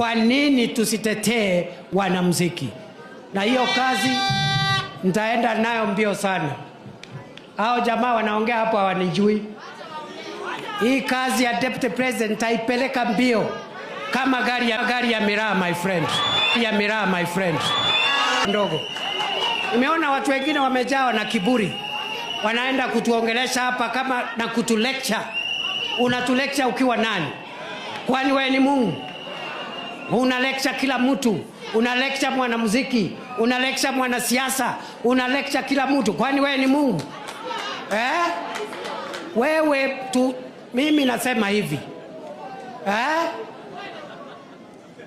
Kwa nini tusitetee wanamuziki? Na hiyo kazi nitaenda nayo mbio sana. Hao jamaa wanaongea hapo hawanijui. Hii kazi ya deputy president nitaipeleka mbio kama gari ya, gari ya miraa my friend, ya miraa my friend ndogo. Nimeona watu wengine wamejawa na kiburi, wanaenda kutuongelesha hapa kama na kutulecture. Unatulecture ukiwa nani? Kwani wewe ni Mungu? lecture kila mtu, lecture mwanamuziki, unalekcha mwanasiasa, lecture kila mtu. Kwani wewe ni Mungu eh? Wewe tu, mimi nasema hivi eh?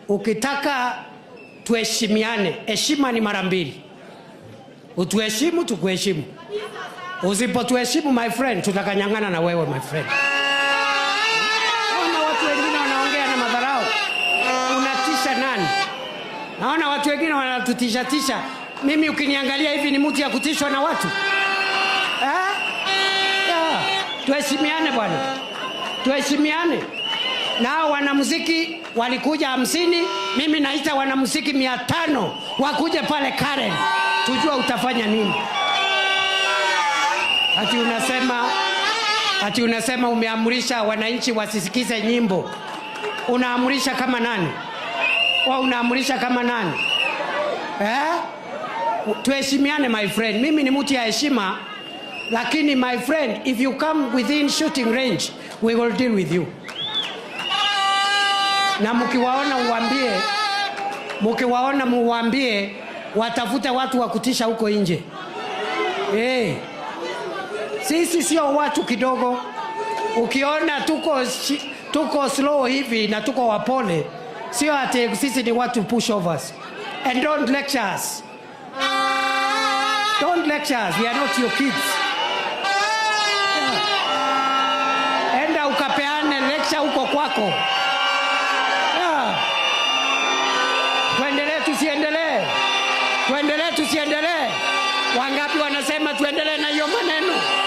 Ukitaka tuheshimiane, heshima ni mara mbili. Utuheshimu, tukuheshimu. Usipotuheshimu my friend, tutakanyang'ana na wewe my friend. Naona watu wengine wanatutishatisha. Mimi ukiniangalia hivi ni mtu ya kutishwa na watu eh? Tuheshimiane bwana, tuheshimiane. Nao wanamuziki walikuja hamsini, mimi naita wanamuziki mia tano wakuje pale Karen, tujua utafanya nini. Ati unasema ati unasema umeamrisha wananchi wasisikize nyimbo, unaamrisha kama nani? Wewe unaamrisha kama nani eh? Tuheshimiane my friend, mimi ni mtu ya heshima, lakini my friend, if you come within shooting range we will deal with you. Na mkiwaona uambie, mkiwaona muambie watafuta watu wa kutisha huko nje. Hey, eh. sisi sio watu kidogo. Ukiona tuko, tuko slow hivi na tuko wapole sio ati sisi ni watu push overs And don't lecture us. Don't lecture us. We are not your kids. Yeah. Enda ukapeane lecture huko kwako. Yeah. Tuendelee tusiendelee? Tuendelee tusiendelee? Wangapi wanasema tuendelee na hiyo maneno?